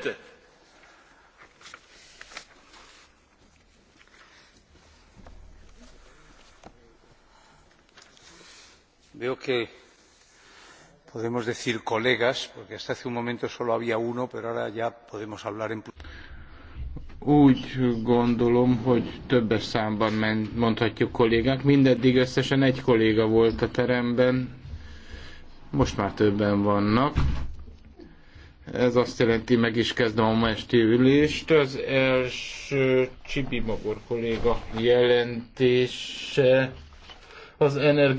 bitte! veo que podemos decir colegas porque hasta hace un momento solo había uno pero ahora ya podemos hablar en úgy gondolom, hogy többes számban mondhatjuk kollégák. Mindeddig összesen egy kolléga volt a teremben, most már többen vannak. Ez azt jelenti, meg is kezdem a ma esti ülést. Az első Csibi Magor kolléga jelentése az energi